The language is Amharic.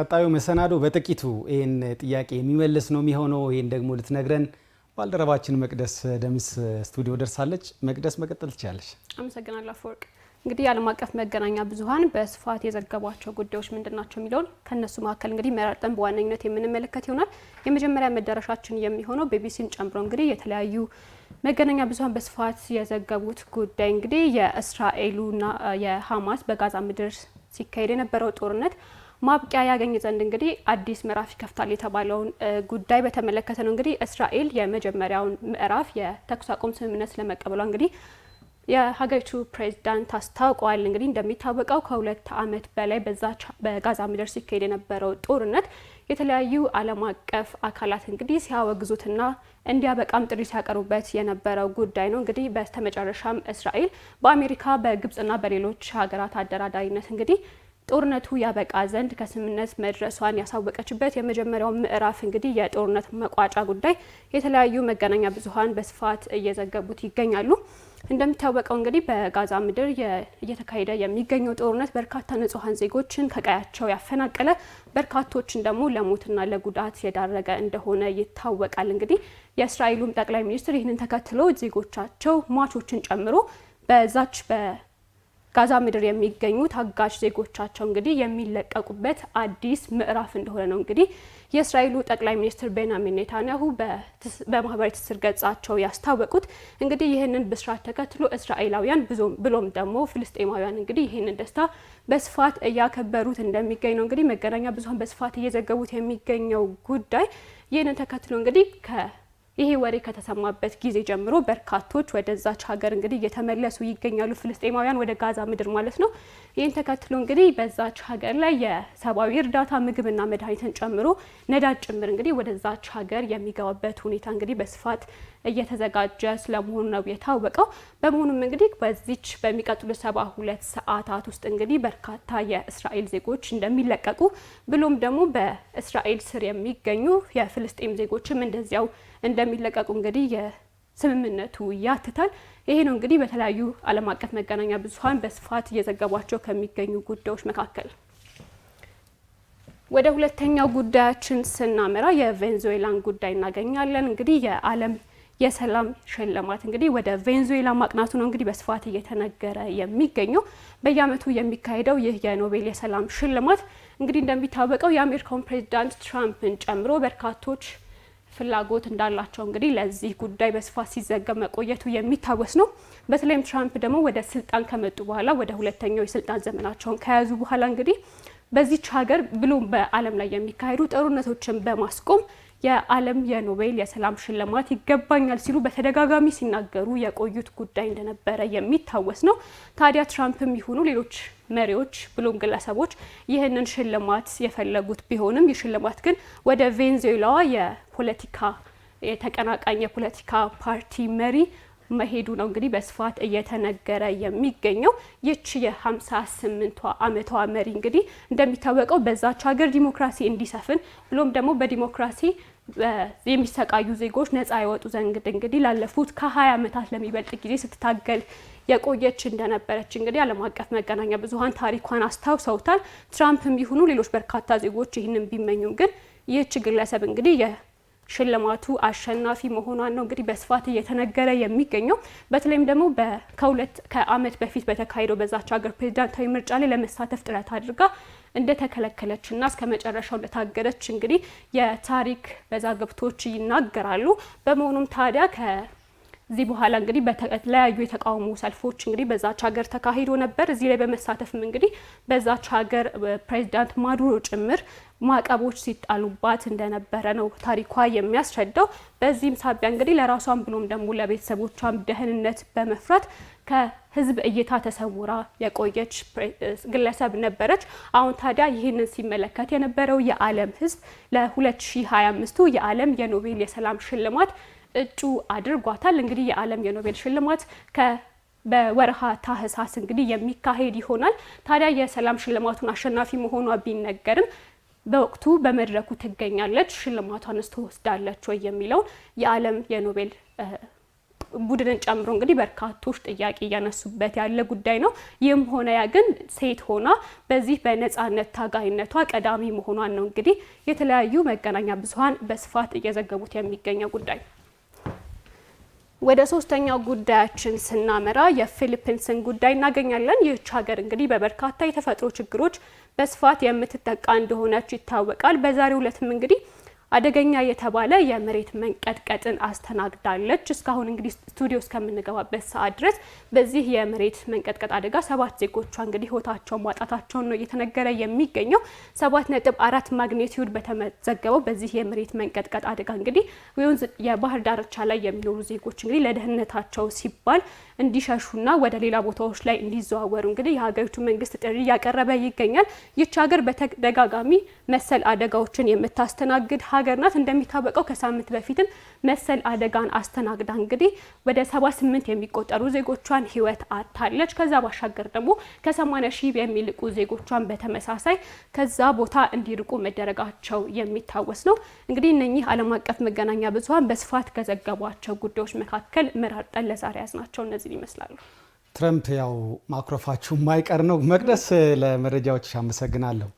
ቀጣዩ መሰናዶ በጥቂቱ ይህን ጥያቄ የሚመልስ ነው የሚሆነው። ይህን ደግሞ ልትነግረን ባልደረባችን መቅደስ ደምስ ስቱዲዮ ደርሳለች። መቅደስ መቀጠል ትችላለች። አመሰግናለሁ አፈወርቅ። እንግዲህ የዓለም አቀፍ መገናኛ ብዙኃን በስፋት የዘገቧቸው ጉዳዮች ምንድን ናቸው የሚለውን ከእነሱ መካከል እንግዲህ መራርጠን በዋነኝነት የምንመለከት ይሆናል። የመጀመሪያ መዳረሻችን የሚሆነው ቢቢሲን ጨምሮ እንግዲህ የተለያዩ መገናኛ ብዙኃን በስፋት የዘገቡት ጉዳይ እንግዲህ የእስራኤሉና የሀማስ በጋዛ ምድር ሲካሄድ የነበረው ጦርነት ማብቂያ ያገኝ ዘንድ እንግዲህ አዲስ ምዕራፍ ይከፍታል የተባለውን ጉዳይ በተመለከተ ነው። እንግዲህ እስራኤል የመጀመሪያውን ምዕራፍ የተኩስ አቁም ስምምነት ስለመቀበሏ እንግዲህ የሀገሪቱ ፕሬዚዳንት አስታውቀዋል። እንግዲህ እንደሚታወቀው ከሁለት ዓመት በላይ በዛ በጋዛ ምድር ሲካሄድ የነበረው ጦርነት የተለያዩ ዓለም አቀፍ አካላት እንግዲህ ሲያወግዙትና እንዲያበቃም ጥሪ ሲያቀርቡበት የነበረው ጉዳይ ነው። እንግዲህ በስተመጨረሻም እስራኤል በአሜሪካ በግብጽና በሌሎች ሀገራት አደራዳሪነት እንግዲህ ጦርነቱ ያበቃ ዘንድ ከስምምነት መድረሷን ያሳወቀችበት የመጀመሪያው ምዕራፍ እንግዲህ የጦርነት መቋጫ ጉዳይ የተለያዩ መገናኛ ብዙኃን በስፋት እየዘገቡት ይገኛሉ። እንደሚታወቀው እንግዲህ በጋዛ ምድር እየተካሄደ የሚገኘው ጦርነት በርካታ ንጹሐን ዜጎችን ከቀያቸው ያፈናቀለ፣ በርካቶችን ደግሞ ለሞትና ለጉዳት የዳረገ እንደሆነ ይታወቃል። እንግዲህ የእስራኤሉም ጠቅላይ ሚኒስትር ይህንን ተከትሎ ዜጎቻቸው ሟቾችን ጨምሮ በዛች ጋዛ ምድር የሚገኙ ታጋች ዜጎቻቸው እንግዲህ የሚለቀቁበት አዲስ ምዕራፍ እንደሆነ ነው እንግዲህ የእስራኤሉ ጠቅላይ ሚኒስትር ቤንያሚን ኔታንያሁ በማህበራዊ ትስስር ገጻቸው ያስታወቁት። እንግዲህ ይህንን ብስራት ተከትሎ እስራኤላውያን ብሎም ደግሞ ፍልስጤማውያን እንግዲህ ይህንን ደስታ በስፋት እያከበሩት እንደሚገኝ ነው እንግዲህ መገናኛ ብዙሀን በስፋት እየዘገቡት የሚገኘው ጉዳይ። ይህንን ተከትሎ እንግዲህ ከ ይሄ ወሬ ከተሰማበት ጊዜ ጀምሮ በርካቶች ወደዛች ሀገር እንግዲህ እየተመለሱ ይገኛሉ። ፍልስጤማውያን ወደ ጋዛ ምድር ማለት ነው። ይህን ተከትሎ እንግዲህ በዛች ሀገር ላይ የሰብአዊ እርዳታ ምግብና መድኃኒትን ጨምሮ ነዳጅ ጭምር እንግዲህ ወደዛች ሀገር የሚገባበት ሁኔታ እንግዲህ በስፋት እየተዘጋጀ ስለመሆኑ ነው የታወቀው። በመሆኑም እንግዲህ በዚች በሚቀጥሉ ሰባ ሁለት ሰዓታት ውስጥ እንግዲህ በርካታ የእስራኤል ዜጎች እንደሚለቀቁ ብሎም ደግሞ በእስራኤል ስር የሚገኙ የፍልስጤም ዜጎችም እንደዚያው እንደሚለቀቁ እንግዲህ ስምምነቱ ያትታል። ይሄ ነው እንግዲህ በተለያዩ ዓለም አቀፍ መገናኛ ብዙኃን በስፋት እየዘገቧቸው ከሚገኙ ጉዳዮች መካከል። ወደ ሁለተኛው ጉዳያችን ስናመራ የቬንዙዌላን ጉዳይ እናገኛለን። እንግዲህ የዓለም የሰላም ሽልማት እንግዲህ ወደ ቬንዙዌላ ማቅናቱ ነው እንግዲህ በስፋት እየተነገረ የሚገኘው። በየዓመቱ የሚካሄደው ይህ የኖቤል የሰላም ሽልማት እንግዲህ እንደሚታወቀው የአሜሪካውን ፕሬዚዳንት ትራምፕን ጨምሮ በርካቶች ፍላጎት እንዳላቸው እንግዲህ ለዚህ ጉዳይ በስፋት ሲዘገብ መቆየቱ የሚታወስ ነው። በተለይም ትራምፕ ደግሞ ወደ ስልጣን ከመጡ በኋላ ወደ ሁለተኛው የስልጣን ዘመናቸውን ከያዙ በኋላ እንግዲህ በዚች ሀገር ብሎም በዓለም ላይ የሚካሄዱ ጦርነቶችን በማስቆም የዓለም የኖቤል የሰላም ሽልማት ይገባኛል ሲሉ በተደጋጋሚ ሲናገሩ የቆዩት ጉዳይ እንደነበረ የሚታወስ ነው። ታዲያ ትራምፕም ይሁኑ ሌሎች መሪዎች ብሎም ግለሰቦች ይህንን ሽልማት የፈለጉት ቢሆንም ይህ ሽልማት ግን ወደ ቬንዙዌላዋ የፖለቲካ የተቀናቃኝ የፖለቲካ ፓርቲ መሪ መሄዱ ነው እንግዲህ በስፋት እየተነገረ የሚገኘው። ይቺ የ58 ዓመቷ መሪ እንግዲህ እንደሚታወቀው በዛች ሀገር ዲሞክራሲ እንዲሰፍን ብሎም ደግሞ በዲሞክራሲ የሚሰቃዩ ዜጎች ነጻ ይወጡ ዘንድ እንግዲህ ላለፉት ከ20 ዓመታት ለሚበልጥ ጊዜ ስትታገል የቆየች እንደነበረች እንግዲህ ዓለም አቀፍ መገናኛ ብዙኃን ታሪኳን አስታውሰውታል። ትራምፕም ቢሆኑ ሌሎች በርካታ ዜጎች ይህንን ቢመኙም ግን ይህች ግለሰብ እንግዲህ ሽልማቱ አሸናፊ መሆኗን ነው እንግዲህ በስፋት እየተነገረ የሚገኘው። በተለይም ደግሞ ከሁለት ከአመት በፊት በተካሄደው በዛች ሀገር ፕሬዚዳንታዊ ምርጫ ላይ ለመሳተፍ ጥረት አድርጋ እንደተከለከለችና እስከ መጨረሻው እንደታገደች እንግዲህ የታሪክ መዛግብቶች ይናገራሉ። በመሆኑም ታዲያ እዚህ በኋላ እንግዲህ በተለያዩ የተቃውሞ ሰልፎች እንግዲህ በዛች ሀገር ተካሂዶ ነበር። እዚህ ላይ በመሳተፍም እንግዲህ በዛች ሀገር ፕሬዚዳንት ማዱሮ ጭምር ማዕቀቦች ሲጣሉባት እንደነበረ ነው ታሪኳ የሚያስረዳው። በዚህም ሳቢያ እንግዲህ ለራሷን ብሎም ደግሞ ለቤተሰቦቿም ደህንነት በመፍራት ከህዝብ እይታ ተሰውራ የቆየች ግለሰብ ነበረች። አሁን ታዲያ ይህንን ሲመለከት የነበረው የዓለም ህዝብ ለ2025 የዓለም የኖቤል የሰላም ሽልማት እጩ አድርጓታል። እንግዲህ የዓለም የኖቤል ሽልማት ከ በወርሃ ታህሳስ እንግዲህ የሚካሄድ ይሆናል። ታዲያ የሰላም ሽልማቱን አሸናፊ መሆኗ ቢነገርም በወቅቱ በመድረኩ ትገኛለች፣ ሽልማቷን ስትወስዳለች ወይ የሚለው የዓለም የኖቤል ቡድንን ጨምሮ እንግዲህ በርካቶች ጥያቄ እያነሱበት ያለ ጉዳይ ነው። ይህም ሆነ ያ ግን ሴት ሆና በዚህ በነፃነት ታጋይነቷ ቀዳሚ መሆኗን ነው እንግዲህ የተለያዩ መገናኛ ብዙኃን በስፋት እየዘገቡት የሚገኘው ጉዳይ ወደ ሶስተኛው ጉዳያችን ስናመራ የፊሊፒንስን ጉዳይ እናገኛለን። ይህች ሀገር እንግዲህ በበርካታ የተፈጥሮ ችግሮች በስፋት የምትጠቃ እንደሆነች ይታወቃል። በዛሬው ዕለትም እንግዲህ አደገኛ የተባለ የመሬት መንቀጥቀጥን አስተናግዳለች። እስካሁን እንግዲህ ስቱዲዮ እስከምንገባበት ሰዓት ድረስ በዚህ የመሬት መንቀጥቀጥ አደጋ ሰባት ዜጎቿ እንግዲህ ህይወታቸውን ማጣታቸውን ነው እየተነገረ የሚገኘው። ሰባት ነጥብ አራት ማግኔቲዩድ በተመዘገበው በዚህ የመሬት መንቀጥቀጥ አደጋ እንግዲህ ወይም የባህር ዳርቻ ላይ የሚኖሩ ዜጎች እንግዲህ ለደህንነታቸው ሲባል እንዲሸሹና ወደ ሌላ ቦታዎች ላይ እንዲዘዋወሩ እንግዲህ የሀገሪቱ መንግስት ጥሪ እያቀረበ ይገኛል። ይች ሀገር በተደጋጋሚ መሰል አደጋዎችን የምታስተናግድ ሀገር ናት። እንደሚታወቀው ከሳምንት በፊትም መሰል አደጋን አስተናግዳ እንግዲህ ወደ 78 የሚቆጠሩ ዜጎቿን ህይወት አታለች። ከዛ ባሻገር ደግሞ ከ80 ሺህ የሚልቁ ዜጎቿን በተመሳሳይ ከዛ ቦታ እንዲርቁ መደረጋቸው የሚታወስ ነው። እንግዲህ እነኚህ ዓለም አቀፍ መገናኛ ብዙሀን በስፋት ከዘገቧቸው ጉዳዮች መካከል መራርጠን ለዛሬ ያዝናቸው እነዚህ ይመስላሉ። ትረምፕ ያው ማኩረፋችሁ ማይቀር ነው። መቅደስ ለመረጃዎች አመሰግናለሁ።